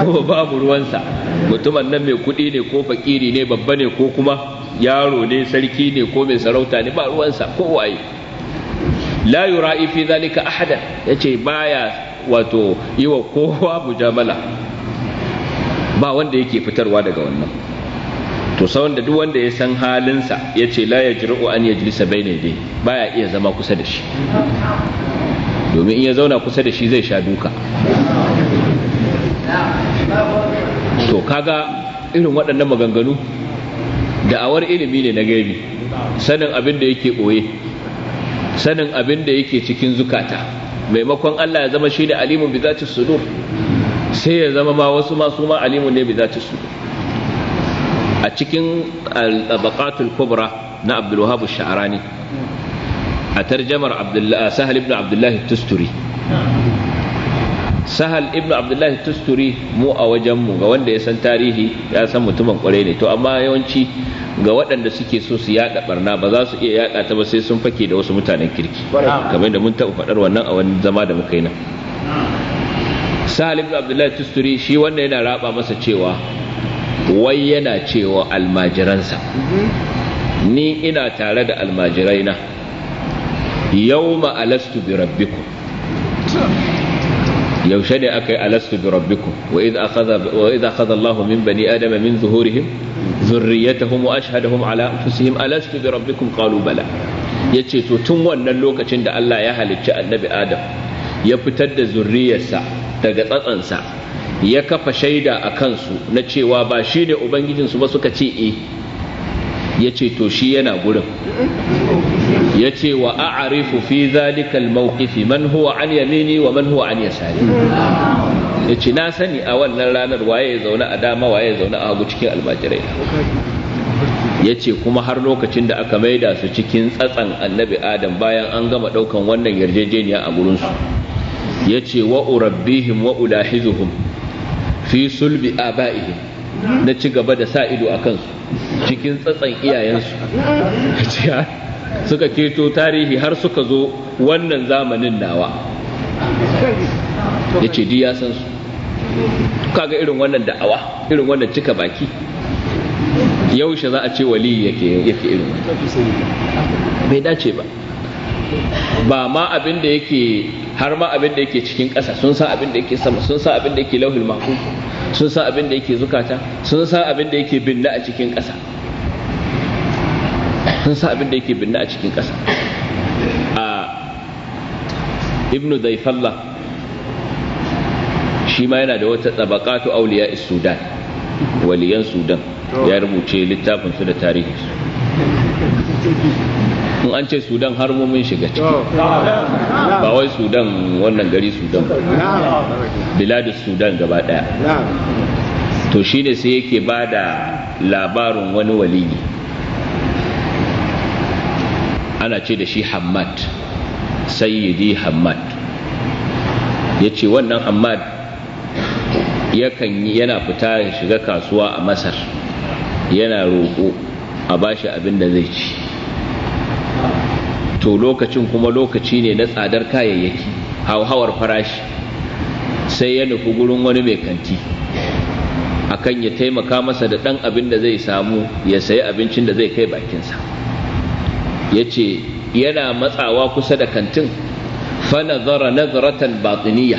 ko babu ruwansa mutumin nan mai kuɗi ne ko fakiri ne babba ne ko kuma yaro ne sarki ne ko mai sarauta ne ba ruwansa ko waye la yura'i fi zalika ahada yace baya wato yiwa kowa mujamala ba wanda yake fitarwa daga wannan to sawan da duk wanda ya san halinsa ya ce la ya an ya jilisa dai baya iya zama kusa da shi domin in ya zauna kusa da shi zai sha duka to kaga irin waɗannan maganganu da'awar ilimi ne na gaibi sanin abin da yake ɓoye sanin abin da yake cikin zukata maimakon Allah ya zama shi da alimun bi zati sudur sai ya zama ma wasu ma ma alimun ne bi zati sudur a cikin al kubra na Abdul Wahhab Sha'rani a tarjamar abdullahi Sahal ibn Abdullahi Tusturi sahal ibnu abdullahi tusturi mu a wajen mu ga wanda ya san tarihi ya san mutumin kwarai ne to amma yawanci ga waɗanda suke so su yaɗa barna ba za su iya yaɗa ta ba sai sun fake da wasu mutanen kirki kamar da mun taɓa faɗar wannan a wani zama da muka yi nan sahal ibnu abdullahi tusturi shi wanda yana raba masa cewa wai yana cewa almajiransa mm-hmm. ni ina tare da almajirai almajiraina yau ma alastu bi rabbikum yaushe ne aka yi alastu bi rabbikum wa idh akhadha wa idh akhadha min bani adama min zuhurihim zurriyatahum wa ashhadahum ala anfusihim alastu bi rabbikum qalu bala yace to tun wannan lokacin da Allah ya halicci annabi Adam ya fitar da zurriyarsa daga tsatsansa ya kafa shaida a kansu na cewa ba shi ne ubangijinsu ba suka ce eh ya ce to shi yana gurin ya ce wa a'arifu fi zalikal mawqifi man huwa an yamini wa man huwa an yasari ya ce na sani a wannan ranar waye ya zauna a dama waye ya zauna a hagu cikin almajirai ya ce kuma har lokacin da aka maida su cikin tsatsan annabi adam bayan an gama daukan wannan yarjejeniya a gurinsu ya ce wa urabbihim wa ulahizuhum fi sulbi aba'ihim na ci gaba da sa ido a kansu cikin tsatsan iyayensu suka keto tarihi har suka zo wannan zamanin nawa ya ce ya san su kaga irin wannan da'awa irin wannan cika baki yaushe za a ce waliyu yake irin bai dace ba ba ma abin da yake har ma abin da yake cikin ƙasa sun san abin da yake sama sun san abin da yake lauhul mahfuz sun san abin da yake zukata sun san abin da yake binne a cikin ƙasa sun san abin da yake binne a cikin ƙasa a ibnu zaifallah shi ma yana da wata tsabaqatu awliya sudan waliyan sudan ya rubuce littafin su da tarihi in an ce sudan har mu mun shiga ciki ba wai sudan wannan gari sudan ba sudan gaba daya to shine sai yake ba da labarin wani waliyi ana ce da shi hamad sayyidi hamad ya ce wannan hamad yakan yi yana fita shiga kasuwa a masar yana roƙo a bashi abin da zai ci to lokacin kuma lokaci ne na tsadar kayayyaki hauhawar farashi sai ya nufi gurin wani mai kanti akan ya taimaka masa da ɗan abin da zai samu ya sayi abincin da zai kai bakinsa ya ce yana matsawa kusa da kantin fanazara nazaratan batiniya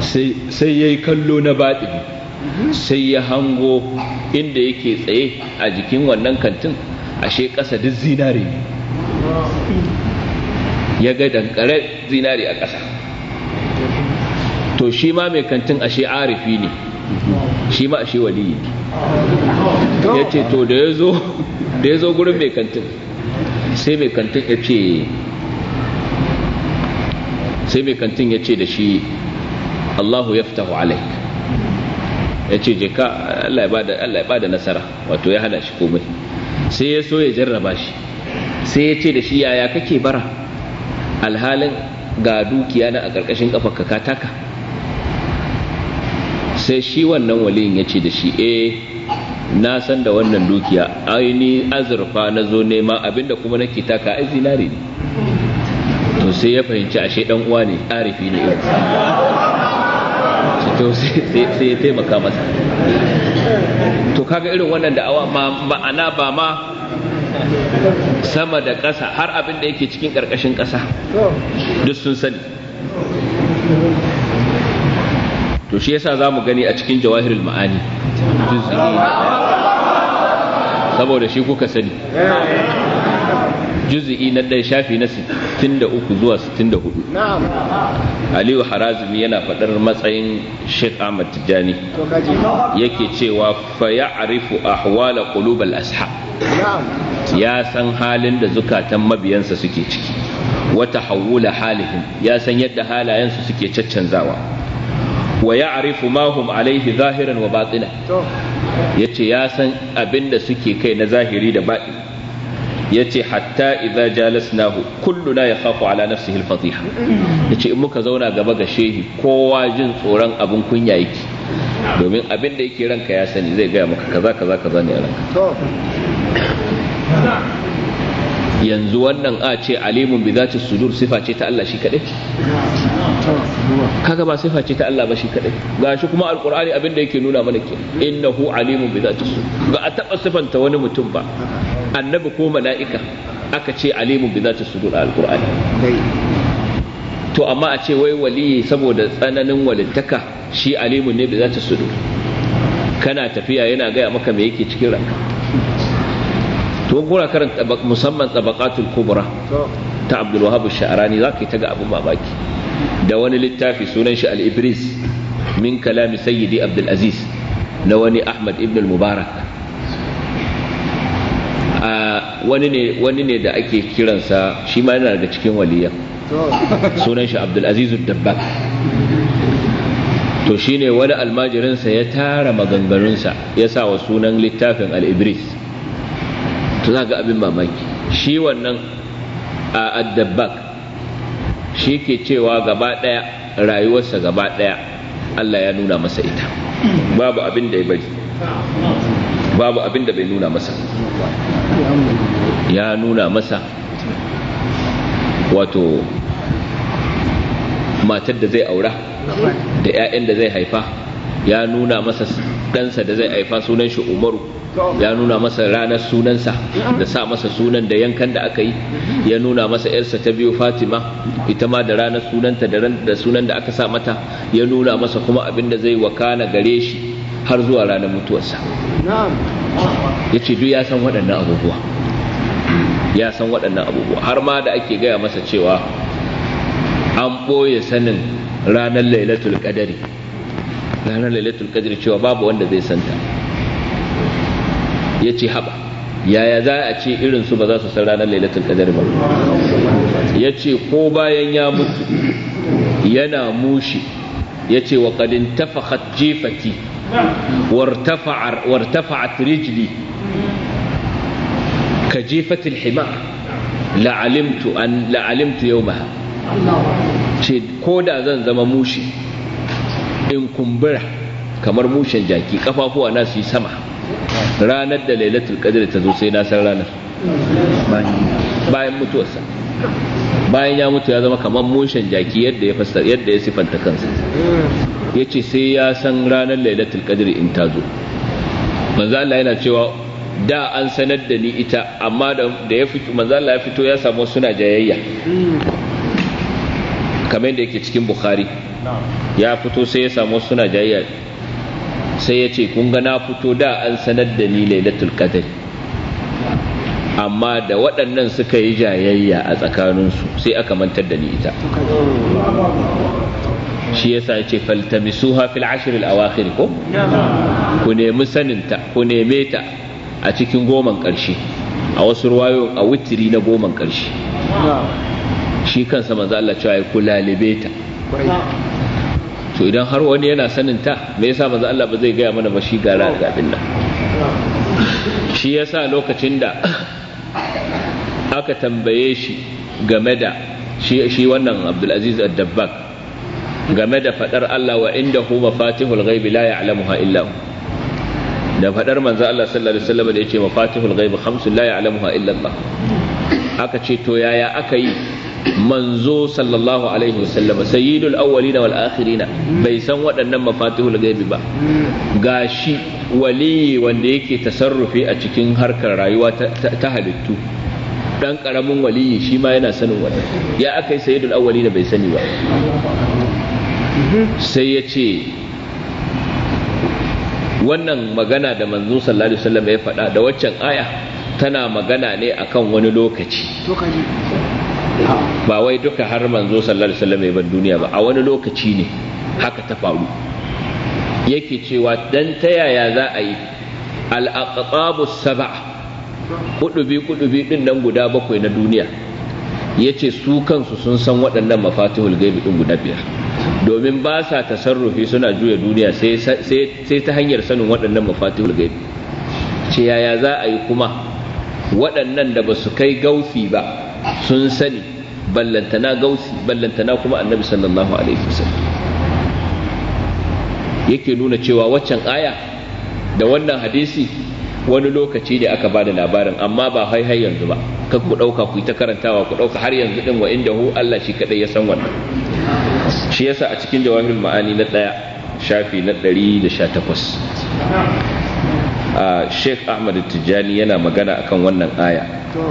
sai ya yi kallo na batini sai ya hango inda yake tsaye a jikin wannan kantin ashe ƙasa duk zinare ne ya ga dankare zinari a ƙasa to shi ma mai kantin ashe arifi ne shi ma ashe waliyi ne ya ce to da ya zo gurin mai kantin sai mai kantin ya ce sai mai kantin ya ce da shi allahu ya fita alaik ya ce je ka allah ya da nasara wato ya hana shi komai sai ya so ya jarraba shi sai ya ce da shi yaya kake bara alhalin ga dukiya na a ƙarƙashin ƙafar ka taka sai shi wannan waliyin ya ce da shi eh na san da wannan dukiya aini azurfa na zo nema abinda kuma nake taka ai zinare ne to sai ya fahimci ashe dan uwa ne arifi ne to sai ya taimaka masa to kaga irin wannan da'awa ma'ana ba ma sama da ƙasa har abin da yake cikin ƙarƙashin ƙasa duk sun sani to shi yasa za mu gani a cikin jawahirul ma'ani saboda shi kuka sani juz'i na ɗan shafi na 63 zuwa 64 aliyu harazumi yana faɗar matsayin sheikh ahmad tijjani yake cewa fa ya'rifu ahwala qulubal ashab ya san halin da zukatan mabiyansa suke ciki wata hawula halihin ya san yadda halayensu suke caccanzawa wa ya arifu mahum alaihi zahiran wa batina ya ce ya san abin da suke kai na zahiri da baɗi ya ce hatta idza jalasnahu na ya khafu ala nafsihi al-fatiha ya ce in muka zauna gaba ga shehi kowa jin tsoron abin kunya yake domin abin da yake ranka ya sani zai gaya maka kaza kaza kaza ne ranka yanzu wannan a ce alimun bi zati sudur sifa ce ta Allah shi kadai kaga ba sifa ce ta Allah ba shi kadai gashi kuma alqur'ani abin da yake nuna mana ke innahu alimun bi zati sudur ba a taba sifanta wani mutum ba annabi ko mala'ika aka ce alimun bi zati sudur a alqur'ani to amma a ce wai waliyi saboda tsananin walittaka shi alimun ne bi zati sudur kana tafiya yana gaya maka me yake cikin ranka to kuna karanta musamman tabakatul kubra ta Abdul wahab Sha'rani yi ta ga abin mamaki da wani littafi sunan shi al-Ibris min kalami sayyidi Abdul Aziz na wani Ahmad ibn al-Mubarak wani ne da ake kiransa shi ma yana daga cikin waliya sunan shi Abdul abdulaziz dabbak to shi ne wani almajirinsa ya tara maganganunsa ya sa wa sunan littafin al-ibris to za ga abin mamaki shi wannan a addabak shi ke cewa gaba ɗaya rayuwarsa gaba ɗaya Allah ya nuna masa ita babu abin da ya bari babu abin da bai nuna masa ya nuna masa wato matar da zai aura da 'ya'yan da zai haifa ya nuna masa ɗansa da zai haifa sunan shi umaru ya nuna masa ranar sunansa da sa masa sunan da yankan da aka yi ya nuna masa yarsa ta biyu fatima ita ma da ranar sunanta da sunan da aka sa mata ya nuna masa kuma abin da zai wakana gare shi har zuwa ranar mutuwarsa ya ce duk ya san waɗannan abubuwa ya san waɗannan abubuwa har ma da ake gaya masa cewa an ɓoye sanin ranar lailatul ƙadari, ranar lailatul ƙadari cewa babu wanda zai santa ya ce yaya za a ce irinsu ba za su san ranar lailatul qadar ba ya ce ko bayan ya mutu yana mushi ya ce wa ƙadin tafahat jefati wartafa'at rijli ka jefatil hima la'alimtu an la'alimtu yawmaha ce ko da zan zama mushi in kumbura kamar mushen jaki kafafuwa na su yi sama ranar da lailatul qadr ta zo sai na san ranar bayan mutuwarsa bayan ya mutu ya zama kamar mushen jaki yadda ya fassara yadda ya sifanta kansa yace sai ya san ranar lailatul qadr in ta zo manzo Allah yana cewa da an sanar da ni ita amma da ya fito manzo Allah ya fito ya samu suna jayayya kamar da yake cikin bukhari ya fito sai ya samu suna jayayya sai ya ce kun ga na fito da an sanar da ni lailatul qadr amma da waɗannan suka yi jayayya a tsakaninsu sai aka mantar da ni ita shi yasa ya ce faltamisuha fil ashr al awakhir ko ku nemi saninta ku neme ta a cikin goman ƙarshe a wasu ruwayo a witiri na goman ƙarshe shi kansa manzo Allah cewa ku kulalibe ta to idan har wani yana sanin ta me yasa manzo Allah ba zai gaya mana ba shi gara da abin nan shi yasa lokacin da aka tambaye shi game da shi wannan Aziz Ad-Dabbak game da fadar Allah wa inda indahu mafatihul ghaibi la ya'lamuha illa hu da fadar manzo Allah sallallahu alaihi wasallam da yace mafatihul ghaibi khamsun la ya'lamuha illa Allah aka ce to yaya aka yi manzo sallallahu alaihi wasallam sayyidul awwalina wal Walakhirina bai san waɗannan mafatihul gaibi ba gashi waliyi wanda yake tasarrufi a cikin harkar rayuwa ta halittu dan karamin waliyi shi ma yana sanin wannan ya aka yi sayyidul da bai sani ba sai ya ce wannan magana da manzo sallallahu alaihi wasallam ya faɗa da waccan aya tana magana ne akan wani lokaci ba wai duka har manzo sallallahu alaihi wasallam ban duniya ba a wani lokaci ne haka ta faru yake cewa dan ta yaya za a yi al sab'a kudubi kudubi din nan guda bakwai na duniya yace su kansu sun san waɗannan mafatihul gaibi din guda biyar domin ba sa tasarrufi suna juya duniya sai ta hanyar sanin waɗannan mafatihul gaibi ce yaya za a yi kuma waɗannan da ba su kai gaufi ba sun sani ballantana gausi ballantana kuma annabi sallallahu alaihi wasallam yake nuna cewa waccan aya da wannan hadisi wani lokaci da aka bada labarin amma ba hai hai yanzu ba kan ku dauka ku yi ta karantawa ku ɗauka har yanzu din wa inda hu Allah shi kadai ya san wannan shi yasa a cikin jawabin ma'ani na daya shafi na takwas. sheikh ahmad tijjani yana magana akan wannan aya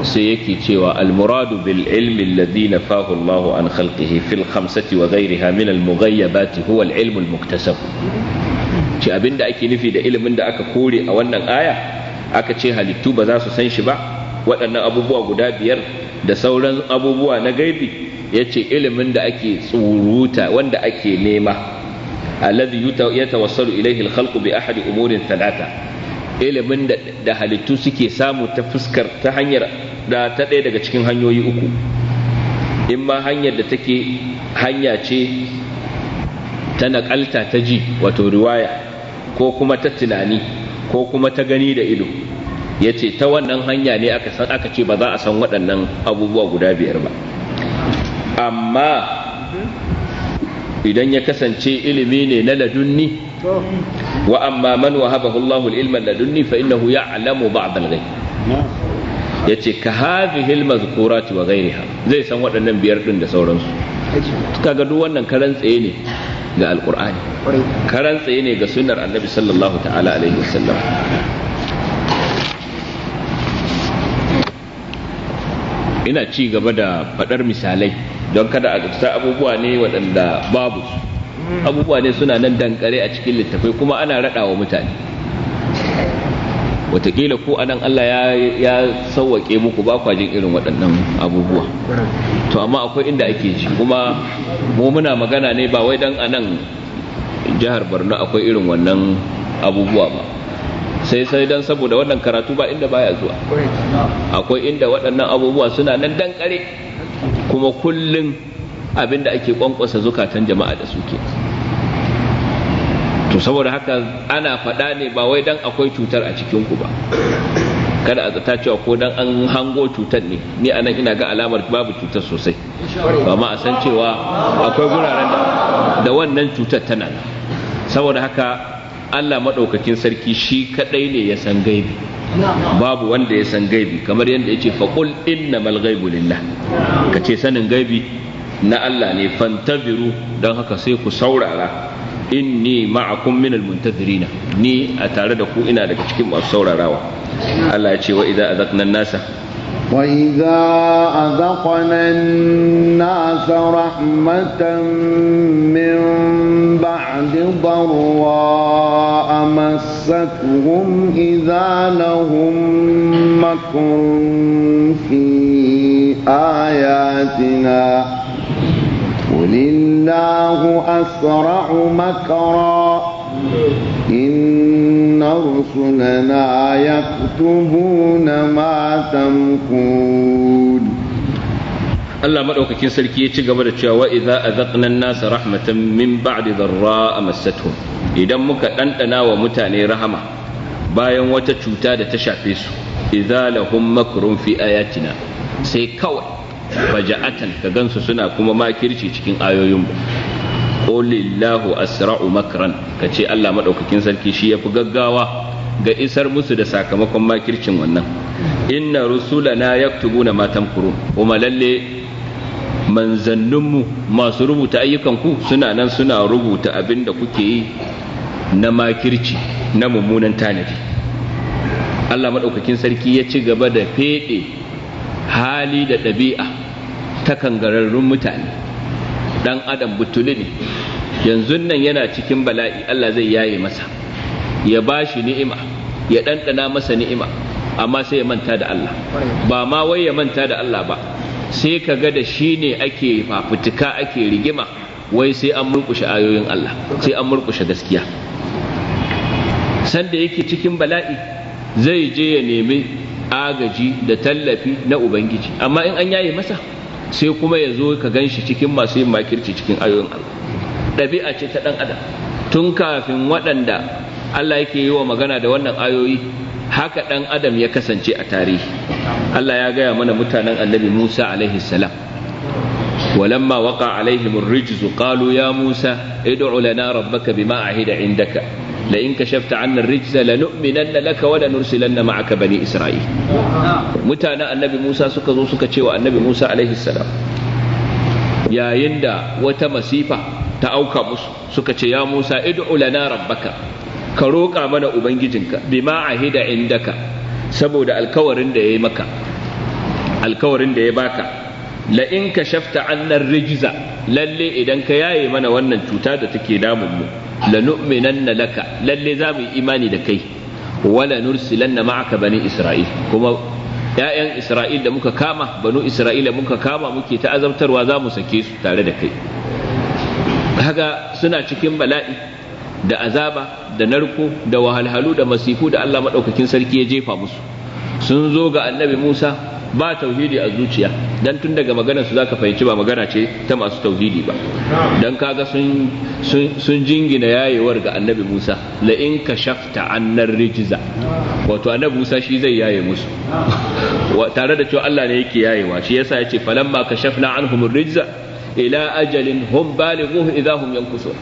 sai yake cewa almuradu bil ilmi alladhi nafahu Allah an khalqihi fil khamsati wa ghayriha min al mughayyabat huwa al ilm al muktasab ce abinda ake nufi da ilimin da aka kore a wannan aya aka ce halittu ba za su san shi ba waɗannan abubuwa guda biyar da sauran abubuwa na gaibi ya ce ilimin da ake tsuruta wanda ake nema alladhi yatawassalu ilayhi al khalqu bi ahadi umurin Talata. ilimin da halittu suke samu ta fuskar ta hanyar da ta ɗaya daga cikin hanyoyi uku in ma hanyar da take hanya ce ta naƙalta ta ji wato riwaya ko kuma ta tunani ko kuma ta gani da ido ya ce ta wannan hanya ne aka ce ba za a san waɗannan abubuwa guda biyar ba amma idan ya kasance ilimi ne na ladunni wa amma man wahabahu Allah al-ilma ladunni fa innahu ya'lamu ba'd al yace ka hadhihi al-madhkurati wa ghayriha zai san waɗannan biyar ɗin da sauransu ga duk wannan karan tsaye ne ga Alƙur'ani. karan tsaye ne ga sunnar annabi sallallahu ta'ala alaihi wasallam ina ci gaba da faɗar misalai don kada a abubuwa ne waɗanda babu abubuwa ne suna nan dankare a cikin littafai kuma ana wa mutane watakila a anan Allah ya sauwaƙe muku ba kwa jin irin waɗannan abubuwa to amma akwai inda ake ji kuma mu muna magana ne ba wai dan anan jihar Borno akwai irin wannan abubuwa ba sai sai dan saboda wannan karatu ba inda baya zuwa akwai inda waɗannan abubuwa suna nan dankare kuma kullum Abin da ake kwankwasa zukatan jama'a da suke to saboda haka ana faɗa ne ba wai dan akwai cutar a cikinku ba kada a zata cewa ko dan an hango cutar ne ni anan ina ga alamar babu cutar sosai ba ma a san cewa akwai guraren da wannan cutar tana nan saboda haka Allah maɗaukakin sarki shi kaɗai ne ya san gaibi babu wanda ya san gaibi kamar yadda ya ce faƙul inna mal lillah ka ce sanin gaibi na Allah ne fantabiru don haka sai ku saurara inni ma'akum minal muntazirina ni a tare da ku ina daga cikin masu saurarawa Allah ya ce wa idza azaqna an nasa wa idza azaqna an nasa rahmatan min ba'di dharwa amassatuhum idza lahum makrun fi ayatina قل الله أسرع مكرا إن رسلنا يكتبون ما تمكون الله مرؤوك كن سلكي يتشي قبل وإذا أذقنا الناس رحمة من بعد ذراء مستهم إذا مك أنت أنا ومتاني رحمة bayan وتتشوتا cuta إذا لهم مكر في آياتنا lahum faja'atan ka gansu suna kuma makirci cikin ayoyin mu qulillahu asra'u makran ce Allah madaukakin sarki shi yafi gaggawa ga isar musu da sakamakon makircin wannan inna rusulana yaktubuna ma tamkurun kuma lalle manzanninmu masu rubuta ayyukan ku suna nan suna rubuta abin da kuke yi na makirci na mummunan tanadi Allah maɗaukakin sarki ya ci gaba da feɗe hali da ɗabi'a ta kangararrun mutane ɗan adam butuli ne yanzu nan yana cikin bala'i Allah zai yaye masa ya ba shi ni'ima ya ɗanɗana masa ni'ima amma sai ya manta da Allah ba ma wai ya manta da Allah ba sai ka ga da shi ne ake fafutuka ake rigima wai sai an murkushe ayoyin Allah sai an murkushe gaskiya sanda yake cikin bala'i zai je ya nemi agaji da tallafi na ubangiji amma in an yaye masa sai kuma yazo ka gan shi cikin masu yin makirci cikin ayoyin Allah ɗabi'a ce ta ɗan adam tun kafin waɗanda Allah yake yi wa magana da wannan ayoyi haka ɗan adam ya kasance a tarihi Allah ya gaya mana mutanen annabi Musa alaihi salam ولما وقع عليهم الرجز قالوا يا موسى ادع لنا ربك بما عهد عندك la in kashafta annar rijza la nu'minanna laka wa la nursilanna ma'aka bani isra'il mutanen annabi Musa suka zo suka ce wa annabi Musa alaihi salam yayin da wata masifa ta auka musu suka ce ya Musa id'u na rabbaka ka roƙa mana ubangijinka bima ahida indaka saboda alkawarin da ya alkawarin da ya baka la in kashafta annar rigiza, lalle idan ka yaye mana wannan cuta da take damun mu la nu'minanna laka lalle za mu yi imani da kai wala nursilanna ma'aka bani isra'il kuma ya'yan isra'il da muka kama banu isra'ila muka kama muke ta azabtarwa za mu sake su tare da kai haga suna cikin bala'i da azaba da narko da wahalhalu da masifu da Allah madaukakin sarki ya jefa musu sun zo ga annabi Musa ba tauhidi a zuciya dan tun daga maganar su zaka fahimci ba magana ce ta masu tauhidi ba dan kaga sun sun jingina yayewar ga annabi Musa la in kashafta annar rijza wato annabi Musa shi zai yaye musu tare da cewa Allah ne yake yayewa shi yasa yace falamma kashafna anhum rijza ila ajalin hum balighuhu idahum yankusun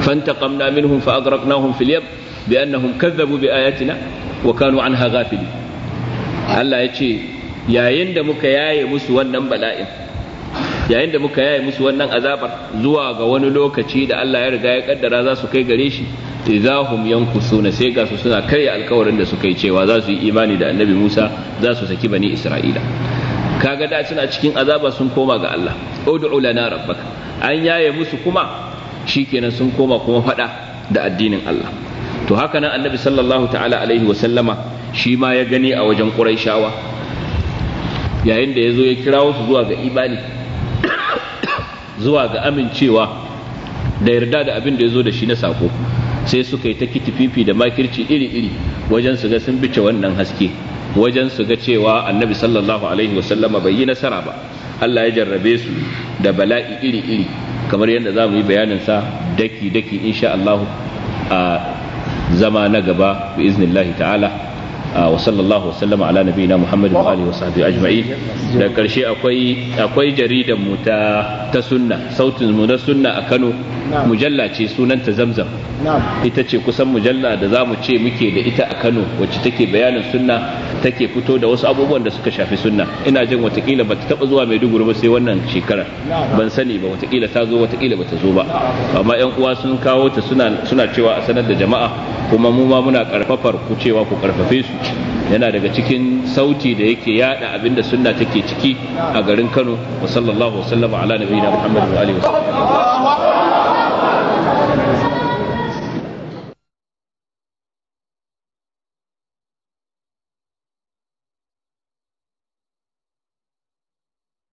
فانتقمنا منهم فأغرقناهم في اليم بأنهم كذبوا بآياتنا وكانوا عنها غافلين Allah ya ce yayin da muka yaye musu wannan bala'in yayin da muka yaye musu wannan azabar zuwa ga wani lokaci da Allah ya riga ya kaddara za su kai gare shi idahum yankusuna sai ga su suna karya alkawarin da suka yi cewa za su yi imani da annabi Musa za su saki bani Isra'ila kaga da suna cikin azaba sun koma ga Allah ud'u lana rabbaka an yaye musu kuma shikenan sun koma kuma fada da addinin Allah to haka nan annabi sallallahu ta'ala alaihi sallama shi ma ya gani a wajen ƙuraishawa yayin da ya zo ya kirawo su zuwa ga ibani [COUGHS] zuwa ga amincewa da yarda da abin da ya zo da shi na sako sai suka yi ta kitififi da makirci iri-iri wajen su ga sun bice wannan haske wajen su ga cewa annabi sallallahu alaihi wa sallama bai yi nasara ba Allah ya jarrabe su da bala'i iri-iri kamar yadda za mu yi bayaninsa daki-daki insha Allah a zama na gaba bi iznillahi ta'ala wa wasallama ala nabiyina muhammadin wa alihi wa sahbihi da karshe akwai akwai jaridan mu ta sunna sautin mu na sunna a Kano mujalla ce sunanta Zamzam ita ce kusan mujalla da zamu ce muke da ita a Kano wacce take bayanin sunna take fito da wasu abubuwan da suka shafi sunna ina jin watakila ba ta taba zuwa Maiduguri ba sai wannan shekarar ban sani ba watakila ta zo watakila ba ta zo ba amma yan uwa sun kawo ta suna cewa a sanar da jama'a kuma mu ma muna karfafar ku cewa ku karfafe su yana daga cikin sauti da yake yada abinda sunna take ciki a garin Kano wa sallallahu wasallama ala nabiyina Muhammad wa alihi wa